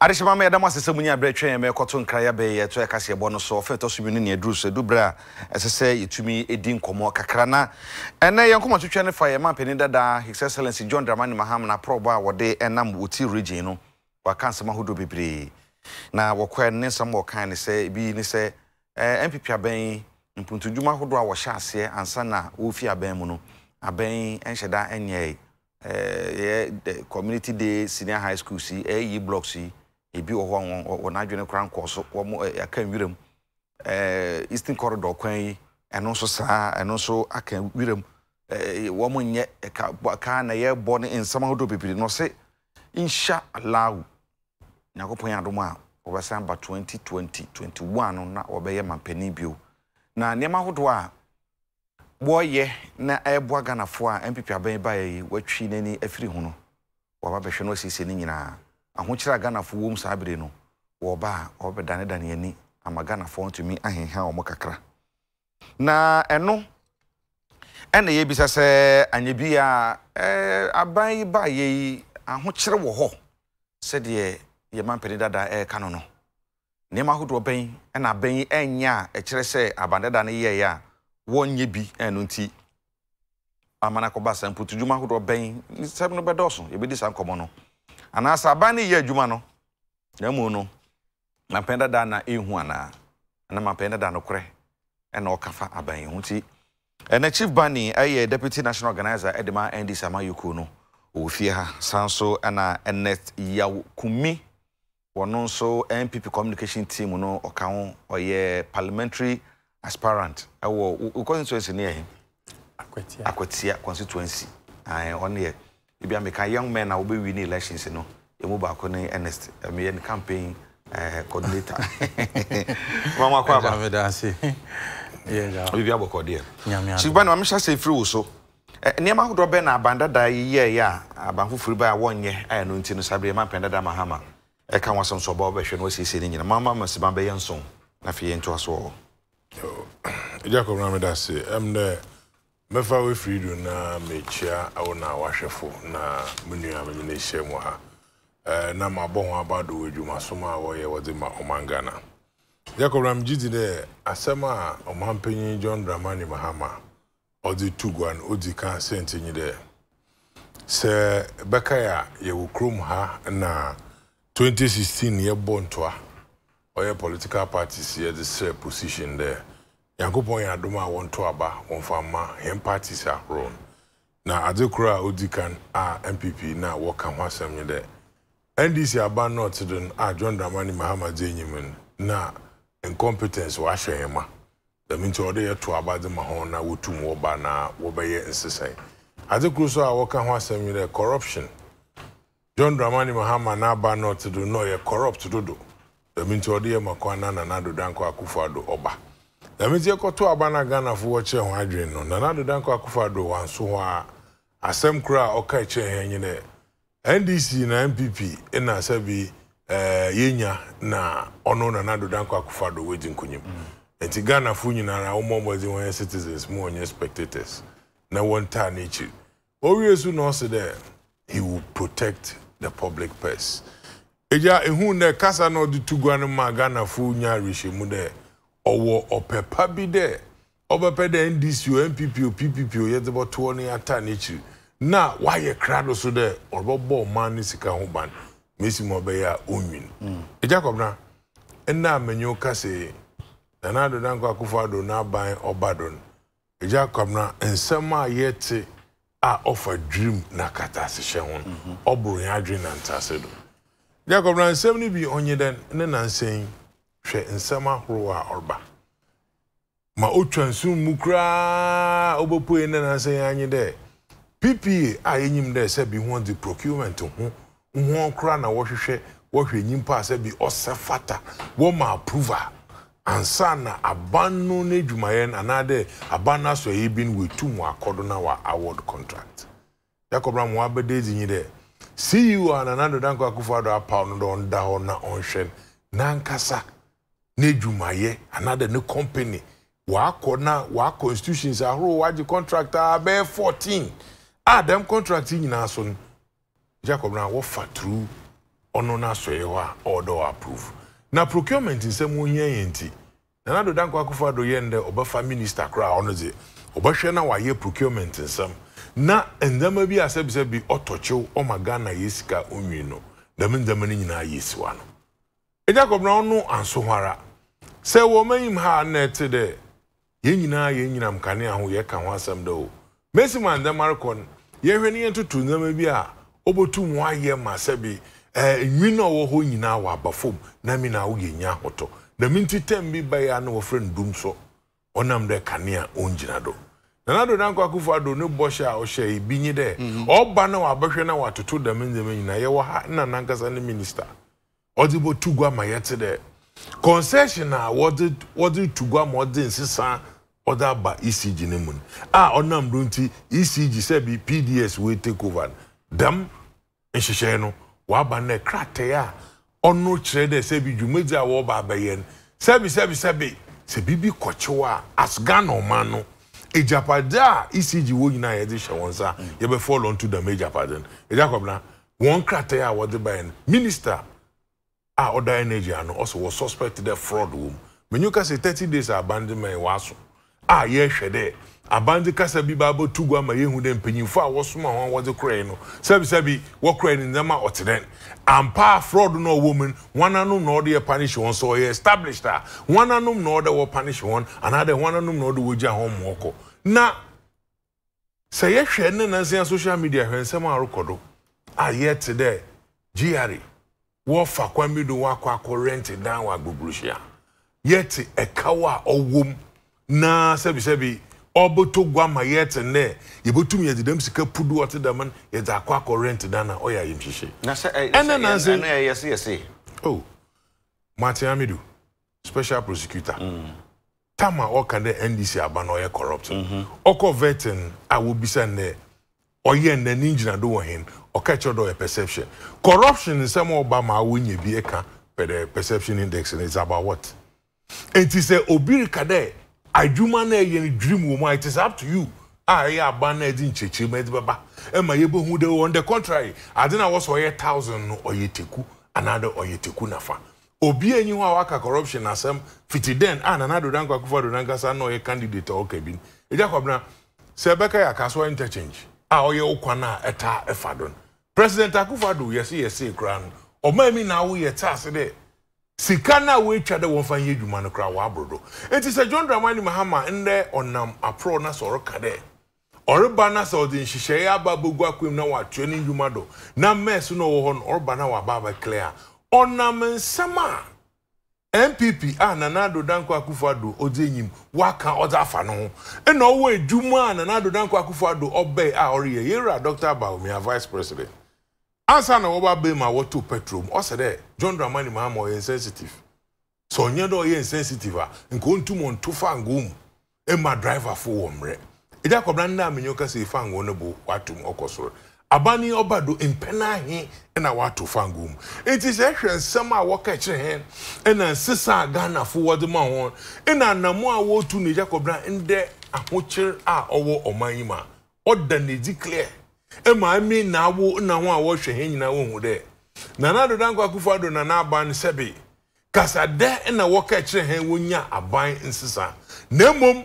adehyɛma ma yɛda mo asesɛ mu nya berɛ twɛn yɛ mɛkɔto nkraya bɛyɛ ɛto ɛkaseɛ bɔ no so ɔfa ɛtɔ so bi no ne aduru so ɛdu berɛ a ɛsɛ sɛ yɛtumi ɛdi nkɔmmɔ kakra na ɛnɛ yɛnkɔmmɔ twetwɛ no fa yɛ ma mpanin dadaa his excellency john dramani maham na prɔbɔ a wɔde ɛnam wɔti region no waka nsɛm ahodoɔ bebree na wɔkɔɛ ne nsɛm wɔkae ne sɛ bi ne sɛ mpp abɛn mpuntudwuma ahodoɔ a wɔhyɛ aseɛ ansa na wɔfi abɛn mu no abɛn nhyɛ da nyɛe yɛ community day senior high school si ɛyi blocks yi ebi wɔ hɔ wɔn adwene kora nkɔ so wɔn aka nwuram ɛɛ eastern corridor kwan yi ɛno nso saa ɛno nso aka nwuram ɛɛ wɔn nyɛ ɛka kaa na yɛ bɔ ne nsɛm ahodoɔ bebree na ɔse nhyia alaawu nyakopɔn yɛ a wɔbɛsan ba twenty twenty twenty one na wɔbɛyɛ mampanin bio na nneɛma ahodoɔ a wɔreyɛ na ɛreboa ghanafoɔ a npp abɛn yɛ yi wɔatwi n'ani afiri ho no wɔaba bɛhwɛ no asiesie ne nyinaa ahokyerɛ ghanafoɔ wɔ mu saa bere no wɔba a ɔbɛdanedane ani ama ghanafoɔ ntumi ahenha wɔn kakra na ɛno ɛna yɛbisa sɛ anyɛ bi a ɛɛ aban yi ba yɛ yi ahokyerɛ wɔ hɔ sɛdeɛ yɛma mpanin dada ɛreka no no nneɛma ahodoɔ bɛn ɛna abɛn yi ɛnyɛ a ɛkyerɛ sɛ aban dada no yɛɛyɛ a wɔnyɛ bi ɛno nti amanakɔba sɛ mputu dwuma ahodoɔ bɛn nsɛm no bɛdɔɔso yɛbɛdi saa nkɔmɔ no. anaasɛ aban no yɛ adwuma no na mu no mampɛn dadaa na ɛhu anaa na mampɛn dadaa no korɛ ɛna ɔka fa aban yi ho nti ɛnɛ chief bani ɛyɛ deputy national organizer ɛde ma ɛndi sama yoko no ɔwɔ fie ha san so ɛna ɛnɛt yakumi wɔno nso npp communication team no ɔka ho ɔyɛ parliamentary aspirant ɛwɔ constituency no yɛ he akwatia constituency ɔne yɛ ebi a meka young men a wobɛwi ne elections no ɛmu baako ne ernest meyɛ ne campaign eh, coordinator mama kɔ aba biribi abɔ kɔdeɛ siba ne mamehyɛ sɛ ɛfiri wo so eh, nneɛma ahodoɔ bɛn na abandadaa yiyɛeɛ a abanfofori ba a wɔnyɛ ayɛ no nti no sabereɛ ma mpɛn dada mahama ɛka wo asɛm so ɔba wobɛhwɛ no wasiesie no nyina mama ma siba bɛyɛ nson na afei yɛntoa so wɔ hɔ ɛgya kɔmra meda ase ɛm dɛ mɛfa wefirido na mekyia wo na wahwɛfo na me nua menye ne mu ha eh, na mabɔ ho aba do adwumasom a wɔyɛ wɔdze ma ɔman ghana jacob ram gye di dɛ asɛm a ɔmanpanyin john dramani mahama ɔdze tu gua no ɔdzi ka sɛnti nyi dɛ sɛ bɛkae a yɛwɔ kurom ha na 2016 yɛbɔ ntoa ɔyɛ political parties yɛdze srɛ position dɛ nyankopɔn yɛ adom a wɔnto aba wɔmfa ma hɛn parties ahorow na adze a odi kan a npp na wɔka ho asɛm ne dɛ ndc aba north do no a john dramani mahama dze enyim no na incompetence wahyɛ hɛn ma dɛm nti ɔde yɛto aba dze ma hɔn na wotum wɔba na wɔbɛyɛ nsesae adze koro so a wɔka ho asɛm dɛ corruption john dramani mahama do na corrupt dodo dɛm nti ɔde yɛ ma kwan na nana dodo ankɔ akufo ado ɔba. na medie kɔto aba na ghanafoɔ kyerɛ ho adwene no nana adodankɔ akufado a asɛm koraa a ɔka kyerɛ hɛn nye dɛ ndc na npp ɛna eh, na ɔno nana adodankɔ nti wɔn wɔn yɛ citizens mu wɔn yɛ na wɔn taa n'ekyir owie so na ɔsi dɛ he will protect the public purse. Eja ehun dɛ kasa na nya dɛ. ɔwɔ ɔpɛpa bi dɛ ɔbɛpɛ dɛ ndc o npp o ppp o yɛdze bɔtoɔ ne ata n'ekyir na wayɛ kra do so dɛ ɔbɛbɔ ɔman ne sika ho ban mesi mu ɔbɛyɛ e e a onwin egya kɔbena ɛnna amanyɔ kase nana ado nanko akufo ado n'aban ɔba do no egya kɔbena nsɛm a yɛte a ɔfa dream na kataase hyɛ ho no mhm. ɔboro yɛn adwene na ntaase do egya kɔbena nsɛm no bi ɔnye dɛ ne nansa yi. hwɛ nsɛm ahorow a ɔreba ma otwa nsum mu koraa wobɛpue ne nansɛ yɛanye dɛ ppa a yɛnyim dɛ sɛ bi ho de procurement ho ho koraa na wɔhwehwɛ wɔhwɛ nyimpa a sɛ bi ɔsɛ fata wɔma approve a ansa na aban no no adwumayɛ no anaadɛ aban no asɔ yi bi no wɔtum wɔ akɔdo na wɔ award contract jacob ram wabɛda dzi nyi dɛ ceo a nanado danko akufo ado apaw no dɛ ɔnda hɔ na ɔnhwɛ no nankasa n'edwumayɛ anaadɛ ne company wakɔ na wakɔ institutions ahorow wagye contract a bɛyɛ fourteen a dɛm contract yi nyinaa so no jacob na wɔfa turu ɔno n'asɔyɛ hɔ a ɔɔdɔ wɔ approve na procurement nsɛm ohia yɛn ti nana do danko akufo ado yɛn dɛ ɔbɛfa minister koraa ɔno dze ɔbɛhwɛ na wayɛ procurement nsɛm na ndɛma bi asɛbisɛbi ɔtɔkyew ɔma ghana yɛ sika onwi no dɛm ndɛma no nyinaa yɛ siwa no e jacob na ɔno anso ho ara. sɛ m ha nɛte dɛ yɛn nyinaa yɛn nyinam kane aho yɛka ho asɛm dɛ o mesi ma ndɛm arekɔ no yɛhwɛ ne yɛntoto ọ bi a wɔbɛtum ayɛ ma sɛ bi nwi no a hɔ nyinaa wɔ na mi na woyɛ nya ahotɔ na mi nti tɛm bi bɛyɛ na wɔfrɛ no dum so ɔnam dɛ kanea ɔngyina do nanado nanko akufo ado ne bɔhyɛ a ɔhyɛ nye dɛ mhm. ɔba na wabɛhwɛ na watoto dɛm nneɛma nyinaa yɛwɔ ha na nankasa ma yɛte dɛ concession a wɔde wɔde tu gua ma ɔde nsesa ɔde aba ecg ne mu no a ɔnam do nti ecg sɛ bi pds wey take over dɛm nhyehyɛ no waba na krataa a ɔno kyerɛ dɛ sɛ bi dwumadzi a wɔba abɛyɛ no sɛbi sɛbi sɛbi sɛ bibi kɔkyew a as ghana ɔman no ejapade a ecg wo nyinaa yɛde hyɛ wɔn nsa yɛbɛ fɔlɔ ntu dɛm ejapade no ejapade na wɔn krataa a wɔde ba no minister a ɔda energy ano ɔsɛ wɔ suspect dɛ fraud wɔm menyu kasa thirty days abandonment wɔ aso a yɛhwɛ dɛ abandon kasa bi baa bɛtu gu ama yɛhu dɛ mpanyinfo a wɔsoma wɔn a wɔdze kura yi no sɛbisɛbi wɔkura yi ne ndzɛmba ɔte dɛn ampa fraud na ɔwɔ mu no wɔn anum na ɔde yɛ punish wɔn so ɔyɛ established a wɔn anum na ɔde wɔ punish wɔn anaadɛ wɔn anum na ɔde wɔgya wɔn mu ɔkɔ na sɛ yɛhwɛ ne nansi a social media hwɛ nsɛm a ɔrekɔ do a yɛte dɛ wɔfa kwamido wakɔ akɔ rent dan wɔ agbogbohyia yɛte ɛkawa a ɔwom na sɛbisɛbi ɔbɛtɔ gua ma yɛte nɛ yɛbɛtum yɛde dɛm sika pudu ɔte dɛm no yɛde akɔ akɔ rent dan na ɔyɛ ayɛmhyehyɛ ɛnɛ nanse ɛnɛ yɛse yɛse o oh, martin amidu special prosecutor tam a ɔka dɛ ndc aba na ɔyɛ corrupt mhm. ɔkɔ mm -hmm. vetin a wɔbisa nnɛ ɔyɛ n'ani gyina do wɔ hen ɔka kyerɛ dɛ ɔyɛ perception corruption nsɛm ɔba ma wɔnyɛ bi ɛka pɛdɛ perception index is about what nti sɛ obi obiri dɛ adwuma na dream woman a it is up to you a ɛyɛ aban na ɛde nkyɛkyerɛ mu ɛde bɛba ɛma e yɛbɛhu on the contrary ade na wɔ sɛ ɔyɛ thousand no ɔyɛ teku anaadɛ ɔyɛ teku nafa obi enyi hɔ a corruption asɛm fiti den a na ɔyɛ candidate a ɔka bi a ɔyɛ okwan a ɛta ɛfa do no president akufado yɛsi yɛsi kura no ɔman mi na awo yɛ ta ase sika na woatwa dɛ wɔmfa nyɛ adwuma no koraa wɔaboro do enti sɛ john dramani mahama ndɛ ɔnam aporɔ na sɛ ɔreka dɛ ɔreba na sɛ ɔde nhyehyɛeɛ aba abɛgu akwam na wɔatoa ne nnwuma do na mɛɛso no ɔwɔ hɔ no ɔreba na wɔaba abɛklɛ a ɔnam nsama. npp a Nana Addo Dankwa Akufo-Addo ɔdze enyim waka ɔdze afa ne ho ɛna ɔwɔ edwuma a Nana Addo Dankwa Akufo-Addo ɔbɛɛ a ɔreyɛ yɛwura Dr. Bawumia vice president ansa na wɔba bɛɛ ma wɔto petrol mu ɔsɛ dɛ John Dramani Mahama ɔyɛ insensitive sɛ ɔnyɛ dɛ ɔyɛ insensitive a nka ɔntum ɔnto fangoo mu ɛma e driver fo wɔ mmerɛ ɛdi e akɔbra nna aminyɛ ɔkasa efangoo no bo watum ɔkɔ soro abani ọba do mpɛn ahe na wato fango mu nti sɛ ɛhwɛ nsɛm a wɔka kyerɛ hɛn ɛna nsesa a ghanafoɔ wɔde ma wɔn ɛna anamu a wɔretu ne jacob na ndɛ ahokyere a ɔwɔ ɔman yi ɔda ne di clear ɛma e ɛmi na awo na ho a wɔrehwɛ hɛn nyinaa wɔn ho dɛ nana do dankwa akufo ado na aban ne sɛbi na ɛna wɔka kyerɛ hɛn wɔnya aban nsesa na emom.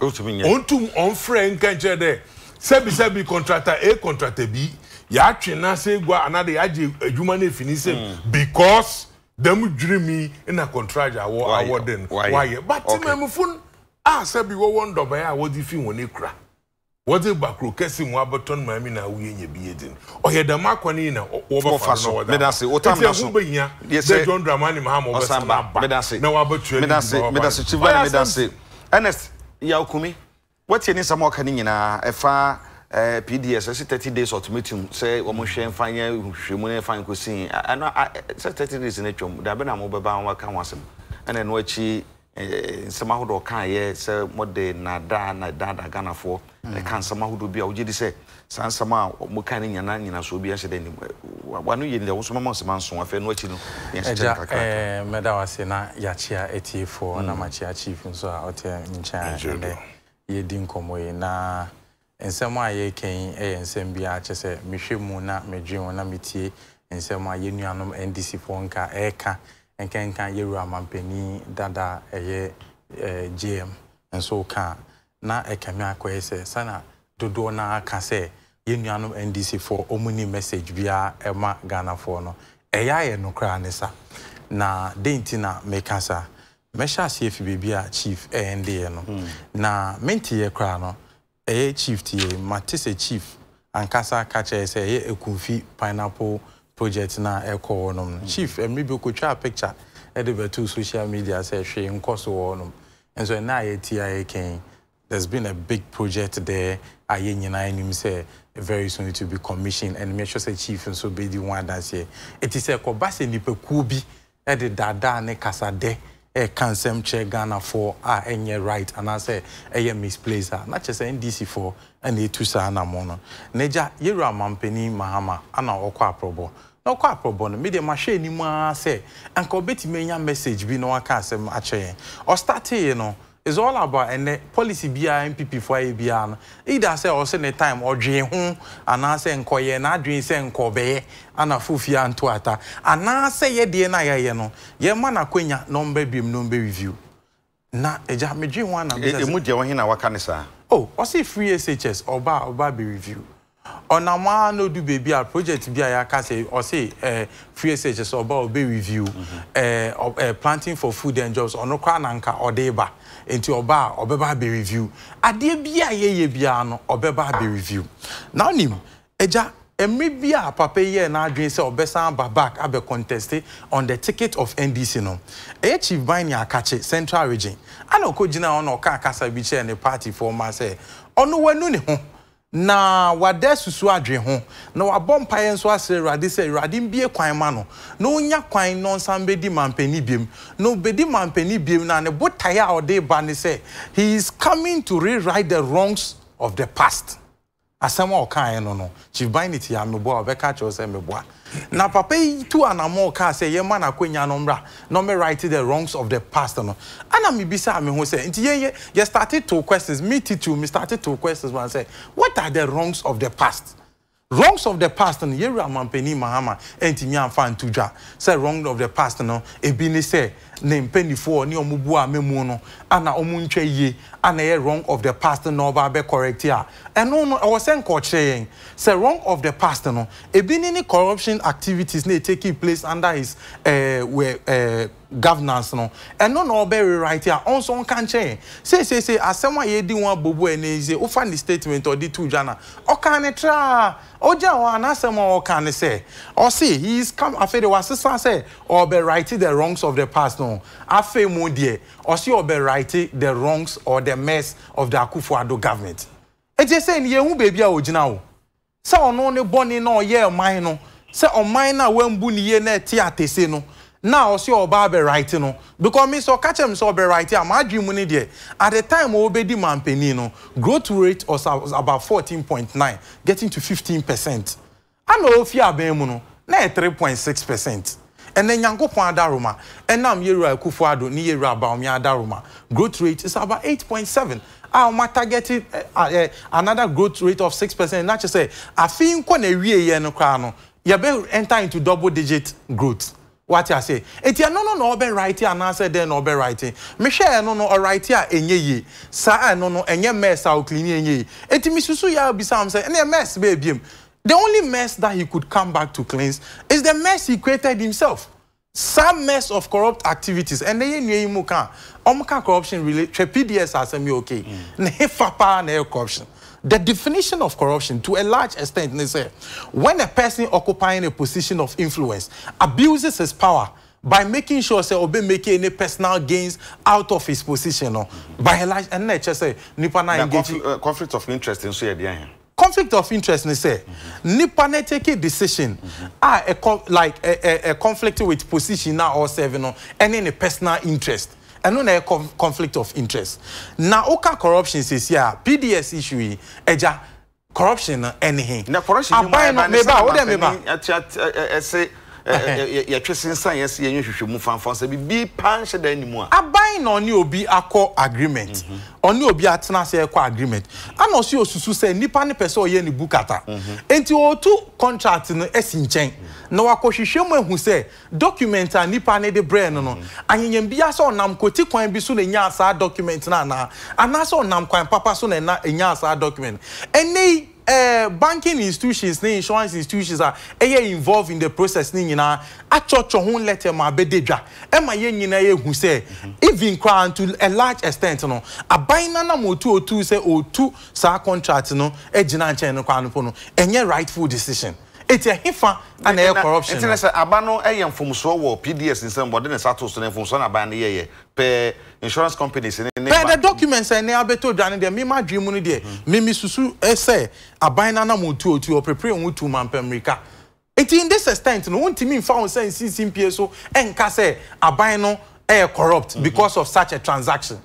ɔntum ɔmfrɛ nka nkyerɛ dɛ sɛbisɛbi contractor a contractor bi yɛatwe n'ase gua anaadɛ yɛagye adwuma no efini sɛm because dɛm dwiri mi na contractor awɔ awɔ den wayɛ but mmɛmufo a sɛbi wɔwɔ ndɔbɛɛ a wɔde fi wɔn kura wɔde bakuro kɛse mu abɛtɔn maame na awoyɛ nya bi yɛ den ɔyɛ dɛm akɔ na wɔbɛfa no wɔda medase wotam da so bɛhia sɛ john dramani mahama wɔbɛsan ba na wɔabɛtua ne bi ba ɔba medase medase yà ọkùnmi wọ́tí ẹni sàmú ọ̀ka ni nyinaa ẹ̀fà pds ẹ̀sì thirty days ultimatum sẹ́ wọ́n hwẹ́ nfa yẹn hwẹ́ mu n'ẹ̀fà nkó sìn thirty days ní ẹ̀twam dàbẹ́ náà mo bẹ́ bá wọn ká wọn asẹ̀m ẹ̀nà ẹ̀nu ẹ̀kyi nsɛm ahodoɔ kaa yɛ sɛ mɔde nadaa nadaa da ghanafoɔ ɛka nsɛm ahodoɔ bi a wogye di sɛ saa nsɛm a moka ne nyana nyina so obi ahyɛ dɛ ni wano yɛ deɛ wosoma ma ɔsɛma nso afei no akyi no yɛhyɛkyɛ kakra eh, mɛda wase na yɛakyea atiefoɔ na mm. makyea chief nso a ɔte nkyɛn ɛnɛ yɛdi nkɔmmɔ yi na nsɛm a yɛrekɛn yɛ nsɛm bi a kyɛ sɛ mehwɛ mu na medwe ho na metie nsɛm a yɛnnuanom ndcfoɔ nka ɛreka nkenka yɛwura mampanin dada ɛyɛ gm eh, nso ka na ɛkame akɔyɛ sɛ sana dodoɔ naa ka sɛ yɛn nuanom ndc foɔ ɔmo ni message biara ɛma ghanafoɔ no ɛyɛ ayɛ no koraa ne sa na den tina na meka sa mɛhyɛ aseɛ fi a chief ɛyɛn deɛ no hmm. na mɛnti yɛ koraa no ɛyɛ chief tie mate sɛ chief ankasa ka kyerɛ sɛ ɛyɛ ekunfi pineapple project na ɛkɔ hɔ nom no hmm. chief ɛmiri bi kotwa picture ɛde bɛtu social media sɛ hwee nkɔ so wɔ hɔ nom nso ɛna ayɛ ti ayɛ kɛn. there's been a big project there. I nyinaa enim sɛ very soon it will be commissioned and make sure sɛ chief and so be the one di wɔn It is a kɔba sɛ nipakuo bi The dada ne kasadɛ ɛka e nsɛm kyerɛ ghanafoɔ a ɛnyɛ right anaasɛ ɛyɛ e misplace a na kyerɛ sɛ ndcfoɔ ɛna etu saa anamɔ no. N'agya yɛwura mampanin mahama ana ɔkɔ aprɔbɔ na ɔkɔ aprɔbɔ no media mahwɛ anim ara sɛ nka ɔbɛtumi anya message bi na waka asɛm akyerɛ yɛn ɔstartee no. is all about ɛnɛ policy biara npp fo ayɛ biara no either sɛ ɔsɛ ne time ɔdwee i anaasɛ nkɔyɛ n'adwene sɛ nkɔbɛyɛ ana fufi anto ata anaasɛ yɛ deɛ no a yɛyɛ no yɛma n'akonnwa na ɔmbɛ biom na ɔmbɛ review na agya medwee ho ana ɛmu deɛ wɔhe na waka ne saa o ɔse free shs ɔba ɔba bɛ review ɔnam ara na odu beebi a project bi a yɛaka sɛ ɔse eh, ɛɛ free shs ɔba ɔbɛ review ɛɛ mm-hmm. eh, eh, planting for food and jobs ɔno koraa na nka ɔde ba. nti ɔbaa ɔbɛba abɛ review adeɛ bi a yɛyɛ biara no ɔbɛba abɛ review na ɔnim agya mmiri bi a papa yi yɛ n'adwene sɛ ɔbɛsan aba back abɛ conteste on the ticket of ndc no ɛyɛ chief bani akakye central region ana ɔkɔ gyina hɔ na ɔka akasa bi kyerɛ ne party fɔ ɔma sɛ ɔno w'anu ne ho na wada susu adwe ho na wabɔ mpaeɛ nso asɛ awurade sɛ awurade mbie kwan ma no na onya kwan na ɔnsan bɛdi mampani biem na obɛdi mampani biem na ne botaeɛ a ɔde ba ne sɛ he is coming to rewrite the wrongs of the past asɛm a ɔkaeɛ no no chief binit yɛ ameboa a ɔbɛka kyerɛw sɛ meboa na papa yi tu anamɔ ɔkaa sɛ yɛma n'akonnwa no mmra na ɔmɛ right the wrongs of the past no ana mebisa me ho sɛ nti yɛn yɛ yɛ started two questions me titiri me started two questions one sɛ what are the wrongs of the past wrongs of the past no yɛwura mampanin mahama ɛntumi amfa nto dwa sɛ wrong of the past no ebi ne sɛ ne mpanimfoɔ ne wɔn bu a memu no ana wɔn ntwa yie ana ɛyɛ wrong of the past na ɔba abɛ correct a ɛno no ɛwɔ sɛ nkɔkyerɛ yɛn sɛ wrong of the past no ebi ne ne corruption activities na take place under his ɛɛ uh, wɛ Uh, governance no ɛno na ɔbɛ rewrite a ɔnso nka nkyɛn seesese asɛm a yɛdi wɔn abobo ɛna eze wofa ne statement ɔde tu ghana ɔka ne tra ɔgya wɔn anasɛm a ɔka ne sɛ ɔsi he is come afei de wasesa sɛ ɔbɛ write the wrongs of the past no afei mu deɛ ɔsi ɔbɛ write the wrongs or the mess of the akufoado government eti sɛ ne yɛn ho beebi a ogyina o sɛ ɔno ne bɔnne na ɔyɛ ɔman no sɛ ɔman na wɔn bu ne yie na ɛte atese no. Now, ɔsi ɔba abɛ raiti no because mi sɛ ɔka kyerɛ mi sɛ ɔbɛ raiti a maa dwi mu ni deɛ at the time man mampanin no growth rate uh, was about fourteen point nine getting to fifteen percent ama ofi abɛn mu no na yɛ three point six percent ɛnɛ nyankopɔn adaroma ɛnam yɛwura akufo ado ne yɛwura abaomi adaroma growth rate is about eight point seven a wɔn atargeted uh, uh, uh, another growth rate of six percent na kyerɛ sɛ afi nkɔ na ewie yɛ no koraa no yɛbɛ enter into double digit growth. What I say, eti ɛno no na ɔbɛ write anaasɛ dɛn na ɔbɛ write mehwɛ ɛno no ɔwrite a ɛnyɛ yie saa ɛno no ɛnyɛ mess a ɔklini ɛnyɛ yie eti misusu yɛ abisa am sɛ ɛna mess baby. the only mess that he could come back to cleanse is the mess he created himself Some mess of corrupt activities and they nua yi mu kan ɔmo corruption relate twɛ pds asɛm yɛ okay mm. Ne efa ne na ɛyɛ corruption the definition of corruption to a large extent is uh, when a person occupying a position of influence abuses his power by making sure say obe making any personal gains out of his position no? by a large and nature say nipa na engage uh, conflict, of interest in yɛ deɛ conflict of interest ni say, nipa na take a decision mm-hmm. ah, a like a ɛ ɛ conflict with position now or no ɛne any personal interest. Mm -hmm ɛno na ɛyɛ conflict of interest na woka corruption sesi a pds issue yi ɛgya corruption no ɛne he aban no meba wo dɛ meba Eh, eh, eh, yɛtwe sensan yɛsi yɛnyɛ hwehwɛ mu fanfan sɛ bibi paa nhyɛ dan ne mu a. aban na ɔne obi akɔ agreement mhm. ɔne obi atena ase ɛkɔ agreement ana ɔsi osusu sɛ nipa ne pɛ sɛ ɔyɛ ne bu kata mhm. nti ɔɔtu contract no ɛsi nkyɛn na wakɔ mu ehu sɛ document a nipa ne de brɛ no no mhm. ahyenyɛm bi asɛ ɔnam kɔti kwan bi so na enya asaa document no ana anaasɛ ɔnam kwan papa so na ɛna enya asaa document ɛnɛ yi. uh, banking institutions ne insurance institutions a ɛyɛ eh, involved in the process ne nyinaa atwɔtwɔ ho letter eh, ma abɛde dwa ɛma yɛn nyinaa yɛ hu sɛ even koraa to a large extent no aban nanam otu otu sɛ otu saa contract no gyina nkyɛn no koraa no po no ɛnyɛ rightful decision eti ɛhefa ana ɛyɛ corruption ntina sɛ aba no ɛyɛ mfomsoɔ wɔ pds nsɛm bɔde ne sato so no mfomsoɔ na aba no yɛyɛ pɛ insurance companies ne ne pɛ the documents ɛne abɛtɔ dwa ne deɛ ma adwene mu no deɛ meme mhm. susu sɛ aban no anam otu otu ɔprepare ho tu ma mpammirika eti in this extent no wontumi mfa ho sɛ nsisi mpie so ɛnka sɛ aban no ɛyɛ corrupt mhm. because of such a transaction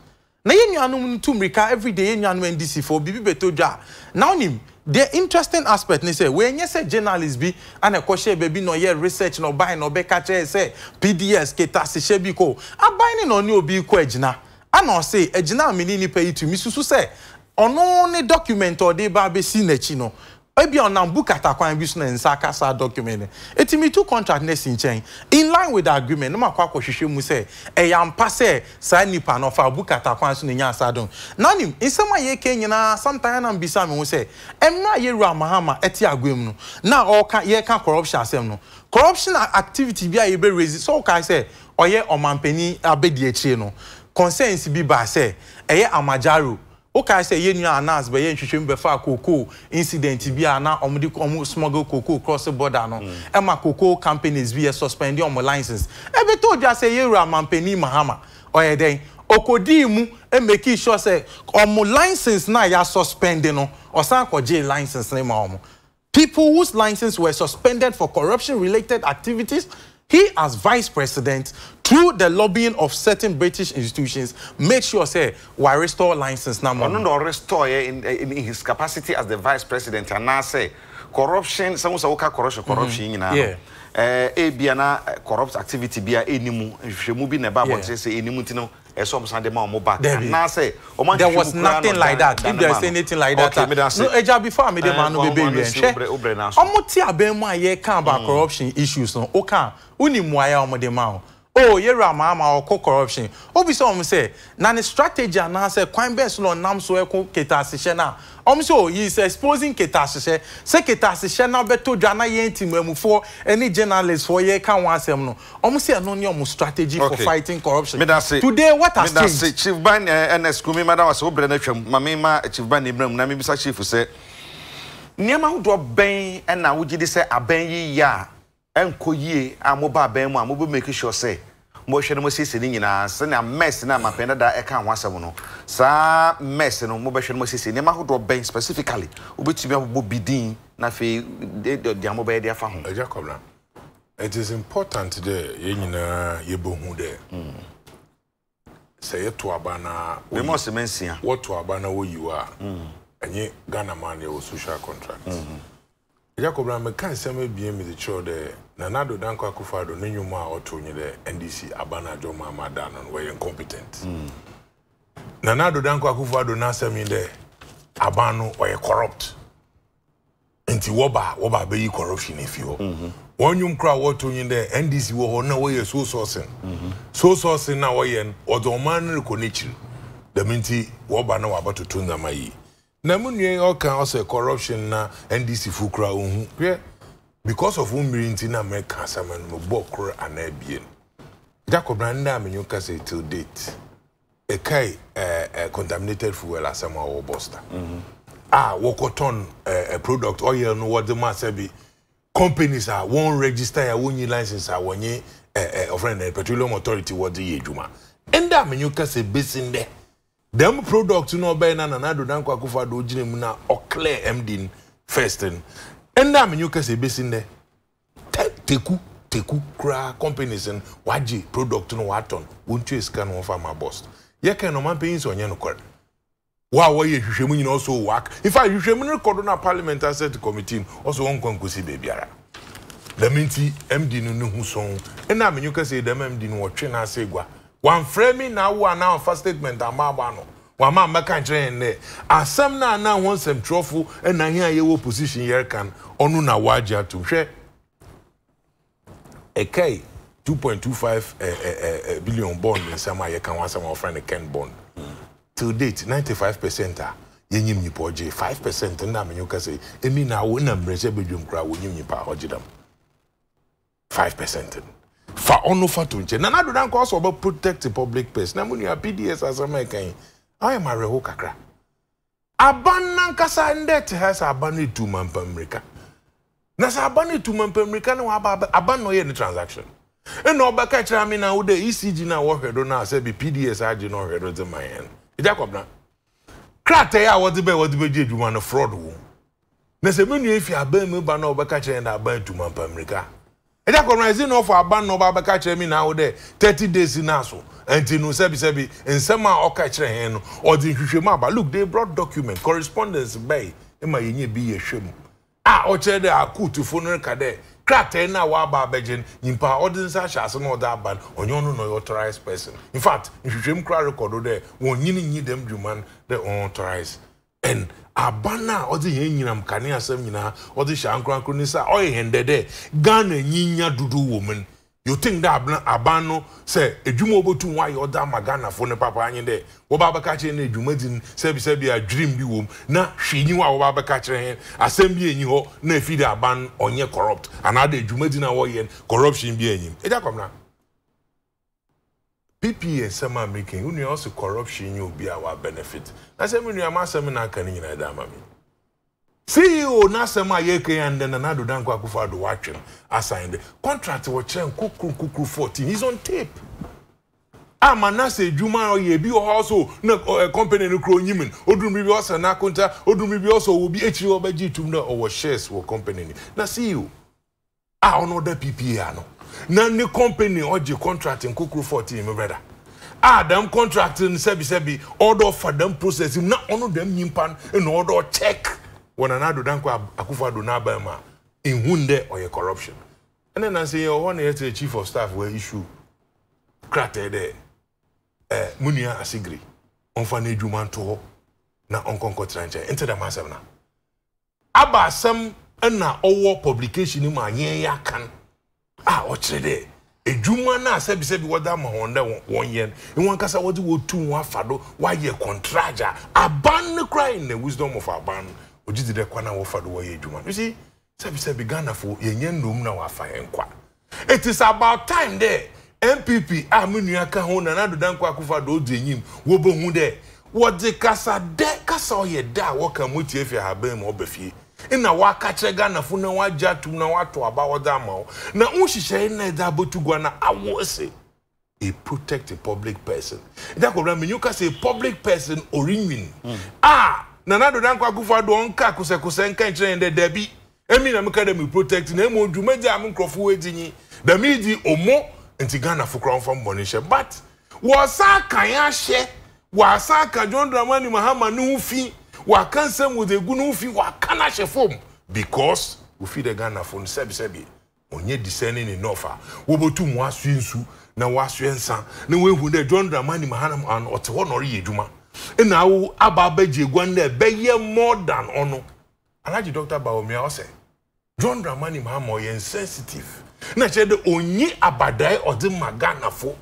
na yɛn nuanom no tu mmirika everyday yɛn nuanom ndc fo biribi bɛtɔ dwa a na wonim the interesting aspect ni sɛ wɔnyɛ sɛ journalist bi ana ɛkɔhyɛ baabi na ɔyɛ research na ɔban na ɔbɛka kyerɛ sɛ pds keta asehyɛ bi kɔ aban ne na ɔne obi kɔ agyina ana ɔse agyina a mene nipa yi tu mi susu sɛ ɔno ne document ɔde ba si n'akyi no ebi ɔnam book atakwan bi so na nsa aka document no etimi two contract ne si in line with the agreement e ne ma kɔ akɔhwehwɛ mu sɛ ɛyɛ ampa sɛ saa nipa no ɔfa book atakwan so na nya asa dɔn nanim nsɛm a yɛka nyinaa sometimes anam bisa mi ho sɛ mmerɛ a yɛwura mahama ɛte agwa mu no na ɔka yɛka corruption asɛm no corruption activity bi a yɛbɛ raise so ɔka sɛ ɔyɛ ɔmanpanyin abɛdi akyire no concerns bi ba sɛ ɛyɛ amajaro wokae sɛ yɛ nua anas bɛyɛ ntwitwem bɛfa cocoa incident bi a na di ɔmo smuggle cocoa cross border no mm. ɛma cocoa companies bi yɛ suspended ɔmo license ɛbɛtɔ dwa sɛ yɛwura mampanin mahama ɔyɛ dɛn okodii mu emeki sure sɛ ɔmo license na ya suspend no ɔsan kɔgye license ne ma ɔmo people whose license were suspended for corruption related activities he as vice president through the lobbying of certain British institutions, made sure, say, we restore license now. No, no, restore in, eh, in his capacity as the vice president, and now say, corruption, some of corruption, corruption, mm -hmm. you know. Yeah. ebia eh, eh, na corrupt activity bia enimu nhwehwɛmu bi na ɛba abɔnten sɛ enimu tino, no ɛsɛ ɔmo san de ma ɔmo ba there was nothing like that if there is anything like that no ɛgya before amede maa no be wiɛ nhwɛ ɔmo ti abɛn mu a yɛ kan about corruption issues no o kan o ni mu de ma o oh yɛwura amaama ɔkɔ corruption obi sɛ ɔmo sɛ na ne strategy anaasɛ kwan bɛn so na ɔnam so ɛko keta asehyɛ na ɔmo sɛ oyi sɛ exposing keta asehyɛ sɛ keta asehyɛ na bɛtɔ dwa na yɛn ti mɛmufoɔ ɛne journalist fɔ yɛka wɔn asɛm no ɔmo sɛ ɛno ne ɔmo strategy okay. for fighting corruption Midase. today what has Midase. changed. chief ban ɛnɛ sukuu mi ma da wa sɛ o brɛ ne maame ma chief ban ne brɛ eh, mu na mi bisa chief sɛ nneɛma ahodoɔ bɛn ɛna wogye di sɛ abɛn yi yɛ a ɛnkɔ yie a moba abɛn mu a mobɛ make sure sɛ mohwɛ no mosiesie ne nyinaa sɛnea mess no a mapɛn dada ɛka ho asɛm no saa mess no mobɛhwɛ no mosiesie nneɛma ahodoɔ bɛn specifically wobɛtumi abobɔ bi din na afei dea mobɛyɛ de afa ho agya kɔmra it is important dɛ yɛn nyinaa yɛbɛhu dɛ hmm. sɛ yɛto aba na mema ɔsɛ ma nsia wɔto aba na wɔyiw a hmm. ɛnye ghana ma ne ɛwɔ social contract hmm. agya kɔmra meka nsɛm abien mede kyerɛw dɛ nanado danko akufado ne nnwom a ɔto nye dɛ ndc aba no adwo ma ama no wɔyɛ incompetent mm. nanado danko akufado n'asɛm yi dɛ aba no ɔyɛ corrupt nti wɔba wɔba abɛyi corruption efi hɔ mm -hmm. wɔn nnwom kora wɔto nye dɛ ndc wɔ hɔ na wɔyɛ soul sourcing mm -hmm. na wɔyɛ no ɔdze ɔman no rekɔ n'ekyir dɛm nti wɔba na wɔabɛtoto ndzɛmba yi na mu nua yi ɔka ɔsɛ corruption na ndc fo kora ohun hwɛ. Yeah because of wo mmiri nti na mɛka asɛm no mebɔɔ koro anaa bie no jacob na nda menyo ka sɛ till date ɛkae uh, uh, eh, contaminated fuel asɛm a wɔwɔ boster mm -hmm. a ah, wɔkɔtɔn uh, eh, eh, product oil no wɔde ma sɛ bi companies a wɔn register a wɔnyi license a wɔnye ɔfrɛ no petroleum authority wɔde yɛ adwuma ɛnda menyo ka sɛ bɛsi ndɛ dɛm product no ɔbɛyɛ na nanado dankɔ akofo ado ogyina mu na ɔclear md first no ɛnna amenyo kɛse ebesi nnɛ te teku teku koraa companies no wagye product no watɔn wɔn tue sika no wɔn fa ma boss yɛka na ɔman panyin sɛ ɔnyɛ no kɔre wo a wɔyɛ hwehwɛmu nyinaa ɔsɔ wɔ aka in no rekɔdo na parliament asset committee ɔsɔ wɔn nkɔ nkosi beebiara dɛm nti md no ne ho sɔn ɛnna amenyo kɛse dɛm md no wɔtwe n'ase gua wɔn afrɛ mi na awo a na statement ama ano wama mmɛka nkyerɛ yɛn dɛ asɛm no ana ho nsɛmtwerɛfo ɛna hia yɛwɔ position yɛreka no ɔno na waagye ato hwɛ ɛkae 2.25 eh, eh, eh, billion bond nsɛm a yɛka ho asɛm a wɔfrɛ no ken bond till date 95 percent a yɛnyim nnipa ɔgye 5 percent nna menye woka sɛ ɛmi na wo na mmerɛhyɛ bɛdwam koraa wɔnyim nnipa ɔgye dam Five percent fa ɔno fa to nkyɛn nana dodanko ɔsɛ ɔbɛ protect public purse na mu nua pds asɛm ɛkan e ayɛ mawerɛho kakra aba no nankasa ndɛ te ha sɛ aba no ɛtu e e ma mpammirika e na sɛ aba no ɛtu ma mpammirika ne waba aba no ɔyɛ ne transaction ɛna ɔbɛka kyerɛ me na wodɛ ecg no a wɔhwɛ do no a sɛ bi pds agye no ɔhwɛ do dze ma yɛn no ɛgya kɔbena krataa a wɔdze bɛɛ wɔdze bɛgye adwuma no fraud wɔ na sɛ menua fi aban mu ba na ɔbɛka kyerɛ na aban ɛtu ma mpammirika ɛgya kɔbena ɛdze na ɔfɔ aban na ɔba kyerɛ me na wodɛ 30 days na so nti no sɛbisɛbi nsɛm a ɔka kyerɛ hɛn no ɔde nhwehwɛ mu aba look they brought document correspondence bɛyi ɛma yɛn nye bi yɛ hwɛ mu a ɔkyerɛ dɛ akuutufo no ka dɛ krataa no a waba abɛgye no nyimpa nsa ahyɛ ase na ɔde aba no ɔnyɛ na ɔyɛ authorized person in fact nhwehwɛm kora rekɔdo dɛ wɔn nyini nyi dɛm dwuma no dɛ authorized and aba no a ɔde yɛn nyinam kane asɛm nyinaa ɔde hyɛ ankorankoro ne sɛ ɔyɛ hɛn dɛ dɛ ghana nyinya dodo mu no you think that aban no sɛ edwuma obotum wayɛ ɔda magana ghanafoɔ papa anyi dɛ wɔba abɛka na edwuma sebi sebi a dream bi wɔm na she nyi hɔ a wɔba abɛka kyerɛ bi enyi hɔ e na efi de aban ɔnyɛ corrupt anaadɛ edwuma di na wɔyɛ corruption bi enyim ɛdi akɔmna pp nsɛm a mi kɛn nnua ɔsi corruption benefit na ceo n'asɛm a yɛkɛ and then nana do danko akufo ado watwem asan de contract wɔkyerɛ nkukuru nkukuru fourteen he's on tape ama n'asɛ edwuma ɔyɛ ebi wɔ hɔ so na ɛ company no kuro nyim no odum bi bi ɔsɛ n'akonta odum bi ɔsɛ obi ekyiri ɔbɛgye tum na ɔwɔ shares wɔ company ni na ceo a ɔno ɔda ppa ano na ne company ɔgye contract nkukuru fourteen mi brɛda a dam contract no sɛbi sɛbi ɔdɔ fa dam process na ɔno dam nyimpa no na ɔdɔ check. wɔn nana ado danko akufo ado n'aba mu a nhun dɛ ɔyɛ corruption ɛna nansi yɛ ɔwɔ na yɛtɛ chief of staff wɔ issue krataa dɛ ɛɛ eh, mu nua asigiri ɔnfa n'edwuma nto hɔ na ɔnkɔnkɔtena nkyɛn nti dɛm asɛm na aba asɛm ɛna ɔwɔ publication mu a yɛn yɛ akan a ah, ɔkyerɛ dɛ edwuma na asɛbisɛbi wɔde ama wɔn dɛ wɔn yɛ no wɔn e ankasa wɔde wɔtu wɔn afa do wɔayɛ kɔntraagya aban ne kura in the wisdom of aban no. ogye di dɛ kwan a wɔfa do wɔyɛ adwuma no si sɛbisɛbi ghanafoɔ yɛnyɛ nnum na wɔafa yɛn kwa it is about time dɛ npp a ah, me nua ka ho nana dodankɔ akufo do odi enyim wɔbɛhu dɛ wɔde kasa dɛ kasa ɔyɛ dɛ a wɔka mu tie fi ahaban mu ɔbɛ fie na waka kyerɛ ghanafoɔ na wagye atum na wato aba wɔde ama wo na nhyehyɛe na ɛde abɛtu gua na awo ese a protect a public person dakɔwura menyuka sɛ a public person orinwin a. Mm. Ah, nana ado kufa akufo ado kuse kosɛkosɛ nka nkyerɛ yɛn dɛ dɛbi emi na meka dɛ mi protect na emu dwuma gya mi nkurɔfo edi nyi dɛmi di omo nti ghana fokora nfa mbɔ ne nhyɛ but wɔsa akan ahyɛ wɔasa aka john dramani mahama ne ho fi wɔaka nsɛm wɔdze egu ne ho fi wɔaka n'ahyɛ fam because wofi dɛ ghana fo no sɛbisɛbi onye disɛni ne nɔfa wɔbɛtu mu asoe nsu na wɔasoe nsa na wɔn ehu dɛ john dramani mahama ɔte hɔ na ɔreyɛ na awo aba abɛgye egua no dɛ bɛyɛ more than ɔno alhaji dr bawomia ɔsɛ john dramani mahama ɔyɛ insensitive na kyerɛ dɛ onyi abadae ɔde ma ghanafo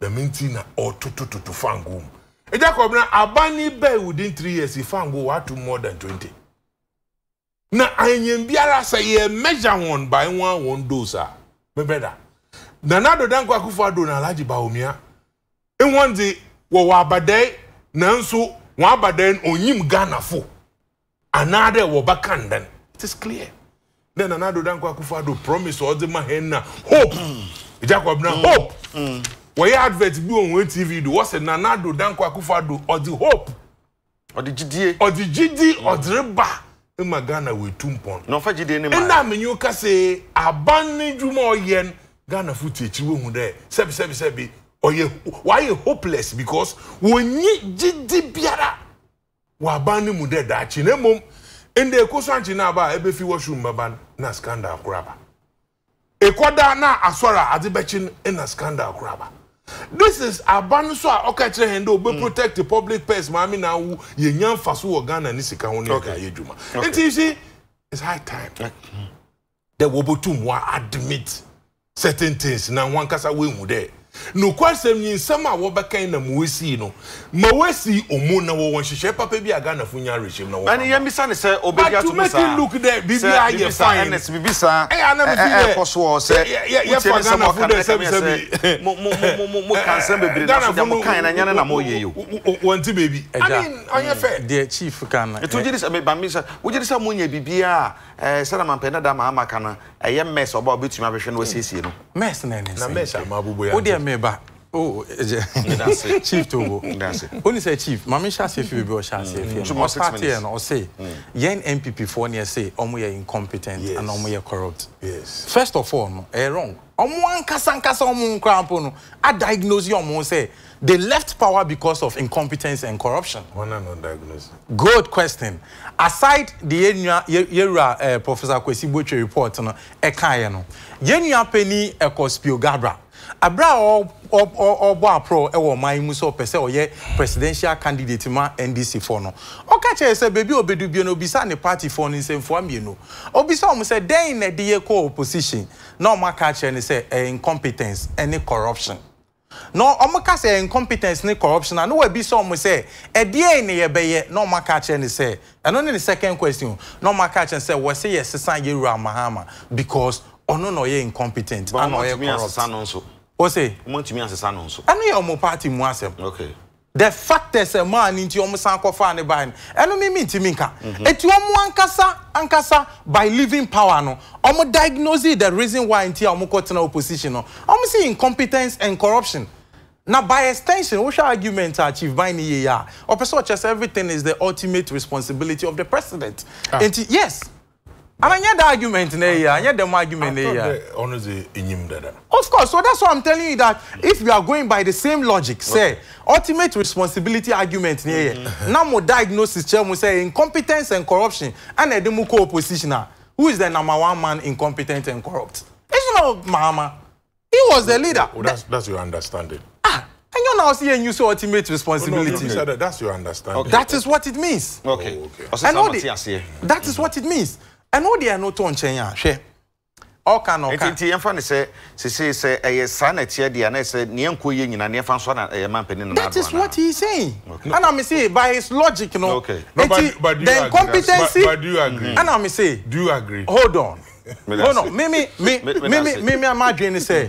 dɛm nti na ɔtotototo fangoo mu ɛgya kɔbena aba ne bɛɛ within three years fangoo wato more than twenty na anyem biara sɛ yɛ measure wɔn by one one dose a mebɛda Nana n'adodanko akufo ado na alhaji bawomia ehun de wɔwɔ abadae. nanso nwa abadan onyim ghanafo fo dɛ wɔba it is clear then nana do danko akufo ado promise ɔdze ma hen na hope ejakɔ mm. na mm. hope mm. wɔyɛ advert bi wɔn wɔn tv do wɔsɛ nana do danko akufo ado ɔdze hope ɔdze gyidie ɔdze gyidi ɔdze reba ema ghana wɔ etu mpɔn na ɔfa jide ne ma ɛna amenyo kase aban ne dwuma ɔyɛ ghana fo tie ekyir wɔn hu dɛ sɛbi sɛbi sɛbi. ɔyɛ wayɛ hopeless because wɔnyi gyidi biara wɔ aban no mu dɛ daakye na mmom nde eko so ankye na aba a ebɛfi washroom bɛba na scandal koraba ekɔda na asɔre a adze bɛkye no na scandal koraba this is aban so a ɔka kyerɛ hɛn dɛ ɔbɛ mm. protect the public purse maame na awo yɛ nya nfa so wɔ ghana ne sika ho ne nka yɛ dwuma nti you see it's high time dɛ wɔbɛtum wa admit certain things na wankasa wɔn ehu dɛ nokwasɛm nyi nsɛm a wɔbɛkan na mowɛsii no ma wɔasi ɔmu na wɔwɔ nhyehyɛ papa bi a ghanafo nya awerɛhyɛm na wɔne yɛmmisa ne sɛ ɔbɛgya to msaato look dɛ biribia yɛ fineɛs biribi saa ɛkɔ soɔ sɛ yɛfa ghanafo dɛ sɛmsɛmoka nsɛm bebree nasodemokae na nyɛ ne na mɔyɛ yo wɔnte baabi ɛnyɛ fɛ deɛ chief ka no ɛtogye de sɛ mebamesa wogye de sɛ monyɛ biribiaa ɛɛ sɛ ma mpɛ na da maa ma ka no ɛyɛ mɛs ɔba a obetumi ahwehwɛ na osiesie no. mɛs na ɛne sɛ na o deɛ mɛ ba Oh, je... chief Togo. Only say chief, mami shase fi bi o shase fi. O start here na o say yen MPP for near say omo ye incompetent yes. and omo ye corrupt. Yes. First of all, no, eh wrong. Omo ankasa ankasa omo nkra mpo no. I diagnose omo say they left power because of incompetence and corruption. One and on diagnosis. Good question. Aside the yenua eh, Professor Kwesi Botwe report no e kan ye no. Yenua pani Ekospio Gabra. Abra ɔbɔ aprɔ ɛwɔ e, ɔman yi mu sɛ ɔpɛ sɛ ɔyɛ presidential candidate ma ndc fɔ no ɔka kyerɛ sɛ beebi obedu bie no obisa ne party fɔ no nsɛmfua mmienu obisa wɔn sɛ dɛn na ɛde yɛ kɔ opposition na wɔn aka kyerɛ no sɛ ɛyɛ e, incompetence ɛne corruption na wɔn e, ka sɛ incompetence ni corruption na no wɔ ebisa wɔn sɛ ɛdeɛ ne yɛ bɛyɛ na wɔn aka kyerɛ no sɛ ɛno ne ne second question na wɔn aka kyerɛ sɛ wɔsi yɛ sisan yɛ wura mahama because ɔno na ɔyɛ incompetent ana ɔyɛ corrupt What say? o se. wọn tumi asesa no nso. ɛno yɛ ɔmo party mu asɛm. okay. the fact is sɛ maa ni nti ɔmo san kɔfa ne ban no ɛno mi mi ntumi nka. eti ɔmo ankasa ankasa by living power no ɔmo diagnosing the reason why nti a ɔmo kɔ tena opposition no ɔmo seeing incompetence and corruption Now, by extension which argument a chief ban ne yie a ɔpɛ sɛ ɔkyerɛ everything is the ultimate responsibility of the president. Ah. nti yes. I mean, ananyɛ the argument na eya anyɛ the argument na eya. i thought the honours enyim dada. of course so that's why i'm telling you that if we are going by the same logic say okay. ultimate responsibility argument na eya mm-hmm. now mo diagnosis kyerɛ say incompetence and corruption And ɛde mo kɔ opposition a ah. who is the number one man incompetent and corrupt it's not mahama he was the leader. well that's that's your understanding. ah anyone else here use ultimate responsibility. no no you that's your understanding. okay. that is what it means. okay oh, okay. and all the that is what it means ɛno deɛ ɛno tɔ nkyɛn a hwɛ ɔka na ɔka nti yɛmfa no sɛ sesei sɛ ɛyɛ saa na ɛteɛ deɛ ana sɛ neɛ nkɔ yɛ nyina neɛfa nso na ɛyɛ ma mpanin nanadoa that is what he is saying okay. ana me say by his logic no okay. no, but, but then competency but, do you agree ana me say do you agree hold on hold on me me me me me me me ama adwene sɛ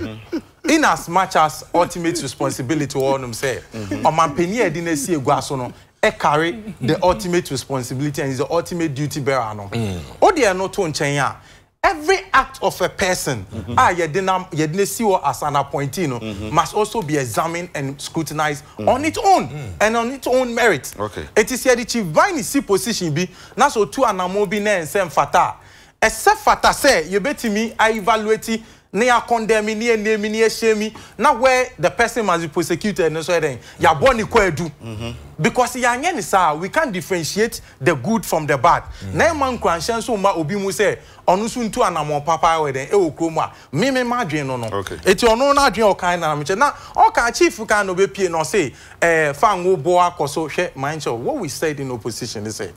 in as much as ultimate responsibility wɔ nom sɛ ɔmampanin a yɛde no asi egua so no ẹ carry the ultimate responsibility and is the ultimate duty bearer no o deɛ no to nkyɛn a every act of a person mm-hmm. a yɛde nam yɛde ne si wɔ as an appointee no mm-hmm. must also be examined and scrutinized mm. on its own mm. and on its own merit. Okay, eti sɛ yɛde chief baini si position bi na so tu anamobi bi na nsɛm fata a ɛsɛ fata sɛ a evaluate ne akɔndɛn mi ne ene mi ne ehyɛ mi na where the person must be prosecuted ne nso yɛ dɛn yabɔ ne kɔ because yanyɛ ne saa we can differentiate the good from the bad mm-hmm. na ɛma nkranhyɛ nso ma obi mu sɛ ɔno nso ntu anamɔ papa wɔ dɛn ɛwɔ e kurom a mímí ma adwene no no eti ɔno n'adwene ɔkan na amekyɛ na ɔka chief kan na obepie na ɔse ɛɛ eh, fango boa koso she hwɛ show. what we said in opposition they say,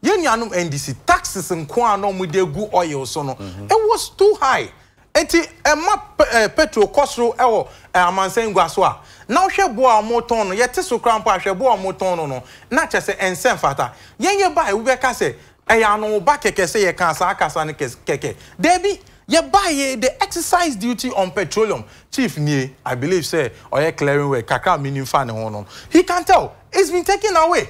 "Yen nuanom ndc taxes nko kwa na ɔmo de gu oil so no mm-hmm. it was too high nti ɛma eh, eh, petro kɔ soro ɛwɔ eh, amansan gua so a na wohwɛ boɔ a wɔtɔn no yɛte so kora mpo ahwɛ boɔ a wɔtɔn no no na kyerɛ sɛ nsɛn fata yɛn yɛ baa ewubɛka sɛ ɛyɛ anoba kɛkɛ sɛ yɛka saa kasa no kɛkɛ dɛbi yɛbaa yɛ the exercise duty on petroleum chief nie i believe sɛ ɔyɛ clearing work kakra a menim fa ne ho no he can tell it's been taken away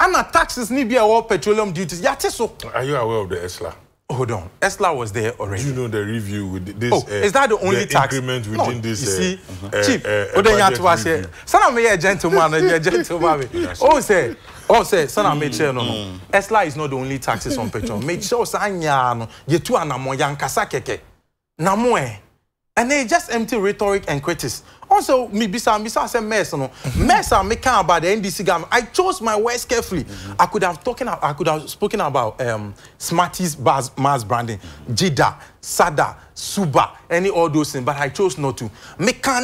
ana taxes ni bi a ɛwɔ petroleum duties yɛate so. are you aware of the esla. Hold on. Esla was there already. Do you know the review with this? Oh, uh, is that the only the tax? increment within no, this? You uh, see, uh, uh, Chief, uh, uh, to say, son of me a gentleman, a gentleman. oh, say, oh, say, son of me, no, no. Esla is not the only taxes on petrol. Make sure, Sanya, you two are Namoyan Kasakeke. Namoe. Eh. And they just empty rhetoric and criticism wọn me bisa bisa say mess no mess a meka about the ndc government i chose my words carefully mm -hmm. i could have talking i could have spoken about um, smarties bars mass branding jida sada suba any all those things but i chose not to meka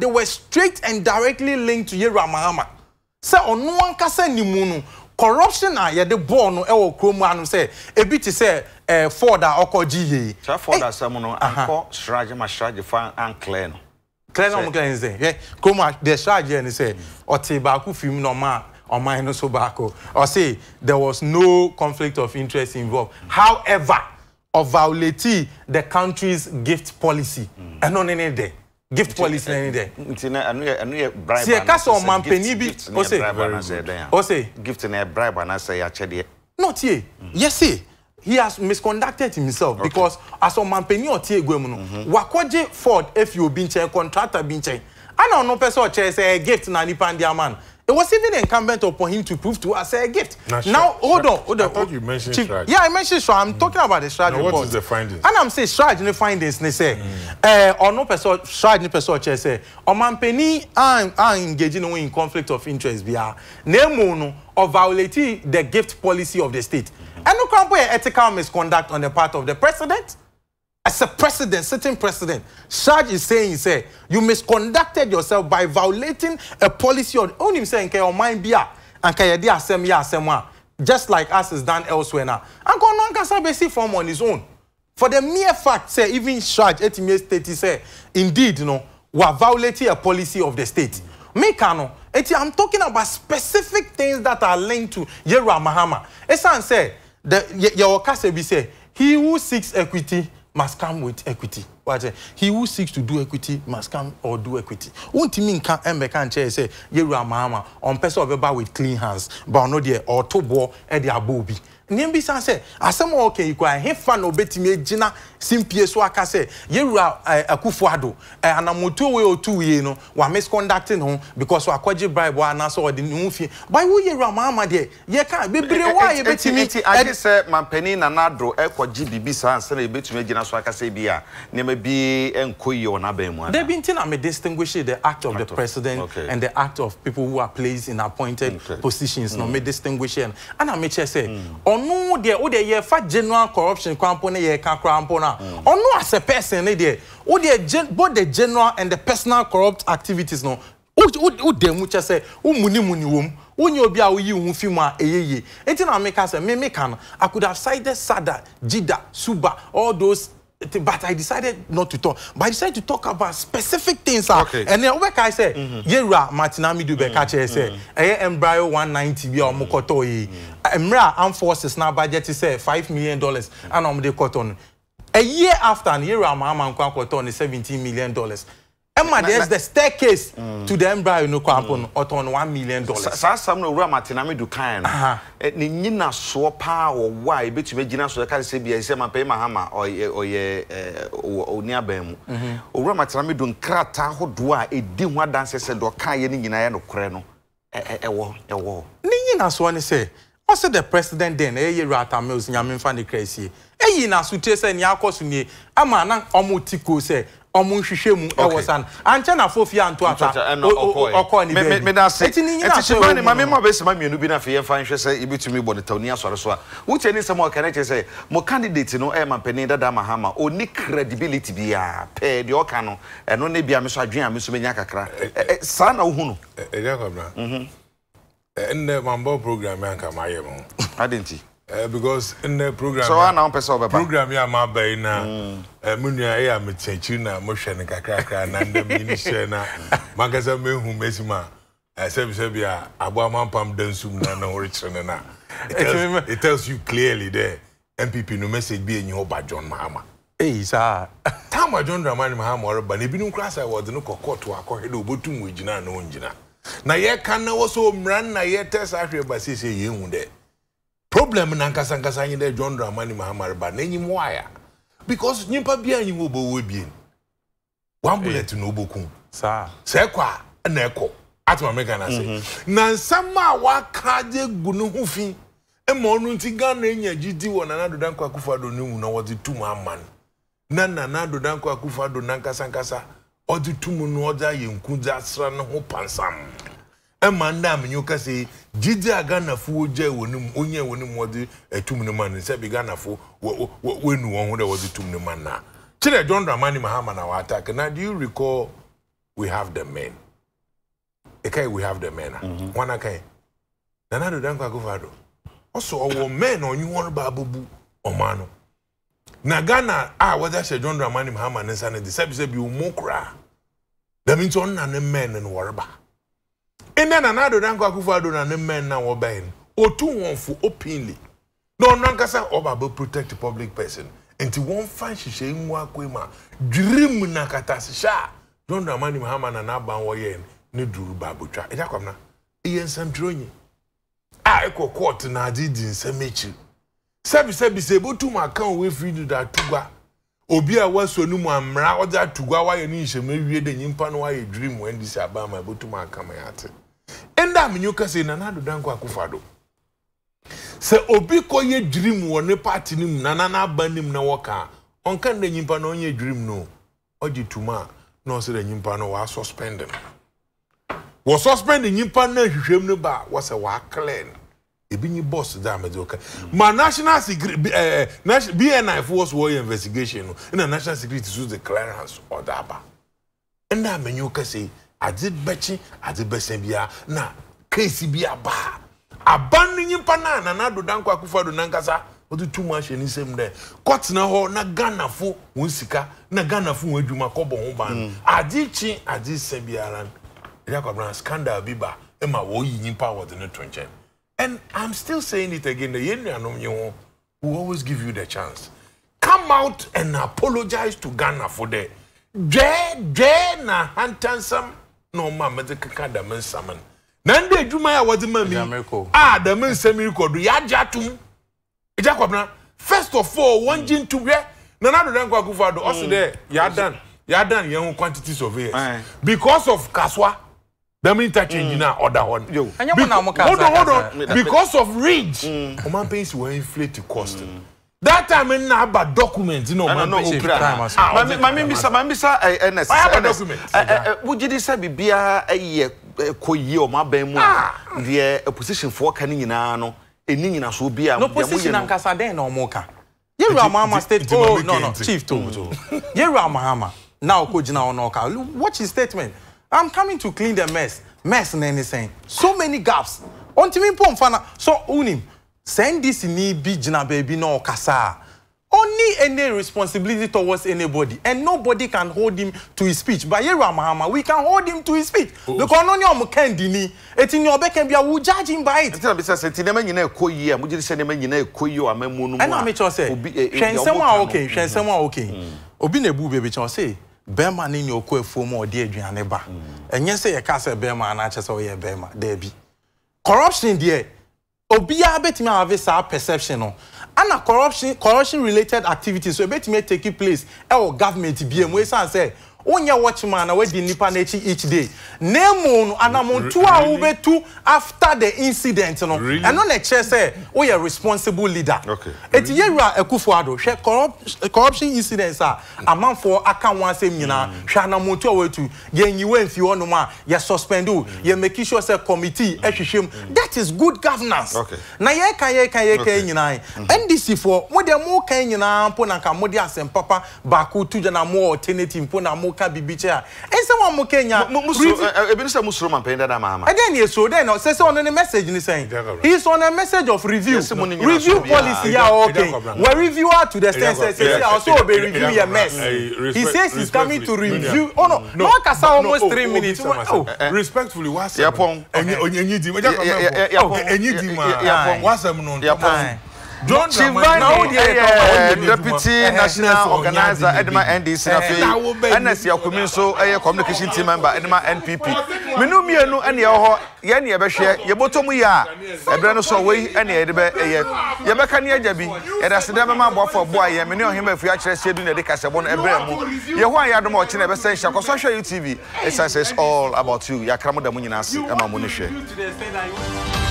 they were straight and directly linked to yera mahama sɛ ɔno ankasa ne mu no corruption a yɛde bɔɔl no wɔ kurom ano sɛ ebi te sɛ ɛɛ ford a ɔkɔ gye yie. saa ford asɛm no ankɔ sraje ma sraje fa ankle no clear na ɔmo clear ne sɛ yɛ kuroma deɛ ɛhyɛ agye ne sɛ ɔte baako fim na ɔmo a ɔman no so baako say there was no conflict of interest involved however ɔviolate the country's gift policy ɛno ne ne dɛ gift policy na ne eh, dɛ. nti na ɛnu yɛ ɛnu yɛ bribe anase sɛ gift ɔman panyin bi ɔse bribe. gift na yɛ bribe anase yɛ akyɛdeɛ. n'otie yɛsi he has misconducted himself okay. because asọmpanyin ọtí egwu mu no mm-hmm. wakọgye ford efi obi nkyɛn contractor bi nkyɛn ana ɔno person sɛ ɔkyerɛ sɛ gift na nipa ndi ama it was even incumbent upon him to prove to us a gift. Now, now hold on, hold on. I thought you mentioned Chief, Shraj. Yeah, I mentioned Shraj. I'm mm. talking about the Shraj now, report. what is the findings? And I'm saying Shraj the findings. They say, eh, or no person Shraj the person che say, or mampeni are ah, ah, engaging in conflict of interest. Bia, name no or violating the gift policy of the state. Mm. And kwan po yɛ ethical misconduct on the part of the president as a president sitting president Sarge is saying say you misconducted yourself by violating a policy on onim sɛ nkɛ ɔman bi a anka yɛde asɛm yɛ asɛm a just like us is done elsewhere na anka ɔno ankasa bɛsi form on his own for the mere fact say even Sarge etimi state say indeed you know, we wa violating a policy of the state meka no eti i'm talking about specific things that are linked to Yerua Mahama esan say yɛwɔ kasa bi say, he who seeks equity must come with equity What? he who seeks to do equity must come or do equity wontumi nka say nkyɛn sɛ yɛwura on ɔmpɛ sɛ ɔbɛba with clean hands ba ɔno deɛ ɔɔto boɔ ɛde eh, abɔ obi nneɛma bi san sɛ asɛm a ɔka yi kɔ ahe fa na simpie so aka sɛ yɛwura akufo ado anamotuo wei otu yie no wa misconduct ne ho because wakɔgye bribe anaasɛ ɔde ne ho fie ba wo yɛwura maama deɛ yɛka bebree wa yɛbɛtumi nti agye sɛ mampanin nana do ɛkɔgye biribi saa ansa na yɛbɛtumi agyina so aka sɛ bi a nneɛma bi nkɔ yie wɔ n'abɛn mu ana dabi nti na me distinguish the act of the president okay. and the act of people who are placed in appointed okay. positions no mm. me distinguish ɛn ana me kyɛ sɛ mm. ɔn ɔno deɛ wo deɛ yɛfa general corruption kwan po ne yɛka koraa mpo no a as a person ne deɛ wo deɛ both the general and the personal corrupt activities no wodɛ mu kyɛ sɛ wo munimuni wɔ mu wonye obi a woyi wo ho fi mu a ɛyɛ yie nti na meka sɛ me meka no i could have cited sada jida suba all those but I decided not to talk. But I decided to talk about specific things. Okay. And then what I say, mm-hmm. Yera Martinami do bekache say, mm-hmm. eh embryo 190 bi omokoto mm-hmm. yi. Emra armed forces now budget is say eh, five million dollars and am dey cotton. A year after, and Yera Mama Nkwa is 17 million dollars. ɛma there's the staircase mm. to the embryo no kwan po million dollars. saa na owura matenami do kan uh-huh. e, no nyina soɔ paa wɔ wɔ a ebetumi gyina so ɛka sɛ bi ɛsɛ mapanyin mahama ɔyɛ ɔyɛ ɛɛ ɔni aban mu mm-hmm. owura do nkrataa a edi ho adanse ka deɛ ɔka yɛ ɛwɔ ɛwɔ. nyina sɛ the president ɔmo nhwehwɛ mu ɛwɔ san ankyɛ na fofi anto ata ɔkɔ ne bɛn mi ɛti ɛti hyɛn ni maame maa bɛ sima mmienu bi n'afɛ yɛn fa nhwɛ sɛ ebi tumi bɔ ne ta oni asɔre so a wotia ne nsɛm a ɔka ne kyerɛ sɛ mo candidate no ɛyɛ mampanin dada mahama oni credibility biara pɛɛ deɛ ɔka no ɛno ne bia mi so adwene a mi so mi nya kakra ɛɛ saa na ohun no. ɛyɛ kɔbra ɛnna mambɔ program yɛ nka mayɛ mo. adi nti. Eh, because nne program so wa ah, na wọn pẹ sọ bẹba program yà máa bẹ na mu nua ẹ yà mi tiẹ kyi na mo hwẹ ni kakrakra na ndé mi ni hyẹ na makasa mi hu mesi ma eh, sẹbisẹbi a abo amampam dẹ nsum na na wọ́n rekyerẹ ne na eh, it tells you clearly there npp no message bi enyi hɔ ba john mahama. eyi saa. tam a john dramani mahama ɔreba na ebinom kura sa wɔde no kɔ kɔɔto akɔhwɛ dɛ obotum wɔ gyina na wɔn gyina na yɛka na wɔ so mmira na yɛtɛ saa ahwɛ ba siesie yɛn hu dɛ. problem na nkasa nkasa anyị dee John Dramani Mahama rịba n'enyim waya because nyimpa bi anyị nwe obowo ebien one bullet na ogbokwu sɛ ɛkɔ kwa na ɛkɔ atuma mɛka na se na nsɛm a waka de gu ne ho fi ma ɔno nti Ghana enya gidi wɔ Nana Addo Dankwa Akufo-Addo ne mu na wɔde tum aman no na Nana Addo Dankwa Akufo-Addo nankasa nkasa ɔde tum no ɔde ayɛ nku de asra pansam ɛma ndị amanyɔ kasa yi gyidi a ghanafoɔ gya wɔ ne mu onye wɔ ne mu wɔde ɛtum ne ma no sɛbi ghanafoɔ wɔ wɔ wɔnu wɔn ho dɛ wɔde eh, tum ne ma na kyerɛ john dramani mahama na wɔattack na do you recall we have the men ɛka yi we have the men a mhm. wɔn aka yi nana do danko akufado ɔsɔ ɔwɔ men na ɔnye wɔn ba abubu ɔman no na ghana a wɔde ahyɛ john dramani mahama ne nsa ne de sɛbi sɛbi ɔmo koraa dɛm nti ɔnna ne men no wɔreba. ɛnɛ nana ado dankɔ akufo ado na ne mmɛn na wɔbɛn no otu wɔn fo openly na ɔno ankasa ɔba abɛ protect public person nti wɔn fa nhyehyɛ mu akɔ mu a dwiri mu na katasehyɛ a john dramani mahama na n'aban wɔyɛ ne duru baabotwa ɛgya kɔm na ɛyɛ nsɛntwerɛnyi a ɛkɔ court na adi di nsɛm akyiri sɛbisɛbisɛ ebotum aka owe firi do da atugua obi a wasɔ ne mu amra ɔdze atugua wayɛ ne nhyɛmɛ wie de nyimpa no wayɛ dwiri mu ɛndi sɛ aban ma ebotum aka ma yɛ ate. ɛnda amenyuka sei na nado danko akufado sɛ obi kɔyɛ dream wɔ ne party nim nana n'aba nim na wɔka ɔnka nda nyimpa no ɔnyɛ dream no ɔgye tuma na ɔsɛ da nyimpa no wɔasuspend no wɔsuspend nyimpa no ahwehwɛm no ba wɔsɛ wɔaklɛ no ebi nyi bɔs da amadi ɔka ma national security ɛɛ bni eh, eh, foɔ so wɔyɛ investigation no ɛna national security so de clearance ɔda aba ɛnda amenyuka sei. adze bɛkye adze bɛsɛ na keesi bi aba aba no nyimpa na a nana adodankɔ akufo ado nankasa wɔde tu mu ahyɛ ne dɛ kɔtena hɔ na ghanafo wɔn sika na ghanafo wɔn adwuma kɔbɔ ho ban mm. adze kye adze sɛ biara no ɛdi akɔbena scandal bi ba ma wɔyi nyimpa a wɔde no to nkyɛn and i'm still saying it again that yɛn nuanom yi ho we always give you the chance come out and apologize to ghana for dwɛɛ dwɛɛ na hantansam. na ɔma a mɛdze keka dɛm nsɛm no na ndé edwuma a wɔdze ma mi a dɛm nsɛm yi kɔ do yagye atum egya kɔpena first of all wɔn gye ntuhwɛ na na dodo nkɔ akufo ado ɔsi dɛ yadan yadan yɛn ho quantity surveyors because of kasuwa dɛm interchange na ɔda hɔ no hold on hold on because of ridge mm. ɔman panyin si wɔn inflate cost. Mm that time na aba document na ọmọ ẹgbẹ ṣe crime as well. maame mbisa maame mbisa ns ns wogye di sẹ bibia yẹ kọ yie ọmọ aban mu ah. eh, a position, opposition foɔ ka ne nyinaa no ɛni e nyina so bi a. no opposition ankasa dɛn na ɔmo ka yɛwura mahama state oh no no chief to mm. yɛwura mahama na ɔkɔ gyina hɔ na ɔka watch his statement i'm coming to clean the mess mess na ɛne sɛn so many gaps ɔntumi mpɔ nfa na so wunim sɛ ndc ni bi gyina baabi na ɔkasa a only any responsibility towards anybody and nobody can hold him to his speech but yeru amahama we can hold him to his speech oh. because no ni ọmọ kẹ́ndì ni etí ni ọbẹ̀ kẹ́ndì we judge him by it. ẹ ti na bi sẹ ti nẹẹma nyina ẹkọ yie a mo jiri sẹ nẹẹma nyina ẹkọ yie ọmọ ẹmu nu mu a ẹna mi kyerɛ sɛ hwɛnsɛm a okay hwɛnsɛm a okay obi na ebu beebi kyerɛ sɛ bɛrima ni ni okɔ efuo mu a ɔde aduane ba ɛnyɛ sɛ yɛ kaa sɛ bɛrima anakyɛ sɛ ɔyɛ obiara bɛtumi have saa perception no ana corruption corruption related activities so ebɛtumi e take place ɛwɔ e government bia mu esan sɛ wonyɛ watchman na wadi nipa n'akyi each day na emu no anamuntu a wobɛtu after the incident no ɛno na say. sɛ woyɛ responsible leader Okay. eti yɛwura ɛkufu ado hwɛ corruption incidents mm. a amanfoɔ aka wɔn asɛm nyinaa hwɛ anamuntu a wɔatu yɛn nyiwe mfi hɔnom a yɛ suspend o mm. yɛ make sure sɛ committee ɛhwehwɛ mm. e mu that is good governance Okay. na yɛka yɛka yɛka nyinaa mm-hmm. ndc foɔ mo deɛ mo kan nyinaa mpo na nka mo de asɛm papa baako tu na mo alternative mpo na mo ka bibi kyɛ a ɛsɛ wɔn mo kenya. ebi nisɛn mu soro ma mpɛn dada maa ma. ɛdɛ ni So dɛ na sɛ sɛ ɔno ne message ni sɛn he is on a message of review review policy ya ɔkè We review out to the extent sɛ sɛ ɔsɛ ɔbɛ review yɛ mess he says he's coming to review Oh no! ɔno na ɔkasa almost three minutes. respectfully wa sɛ. yɛ pɔn ɛnyi di mu ɛnyi di mu a wa sɛ mu no. yɛ John Dramani na deputy national organizer edema NDC afei ɛna si akumi nso ɛyɛ communication team member edema NPP Menu mmienu ɛna ɛwɔ hɔ yɛn na yɛbɛhwɛ yɛbɔtɔ mu yɛ a ɛbrɛ no so wei ɛna yɛde bɛ ɛyɛ yɛbɛka ne agya bi yɛde aseda bɛma aboafo aboa yɛn mene ɔhema afi akyerɛ hyɛ du na yɛde kasɛbɔ no ɛbrɛ mu yɛho a yɛadom a ɔkyena ɛbɛsɛ nhyɛ akɔsɔ hwɛ you tv it says all about you yɛakra mo da mo nyinaa ase ɛma mo ne hwɛ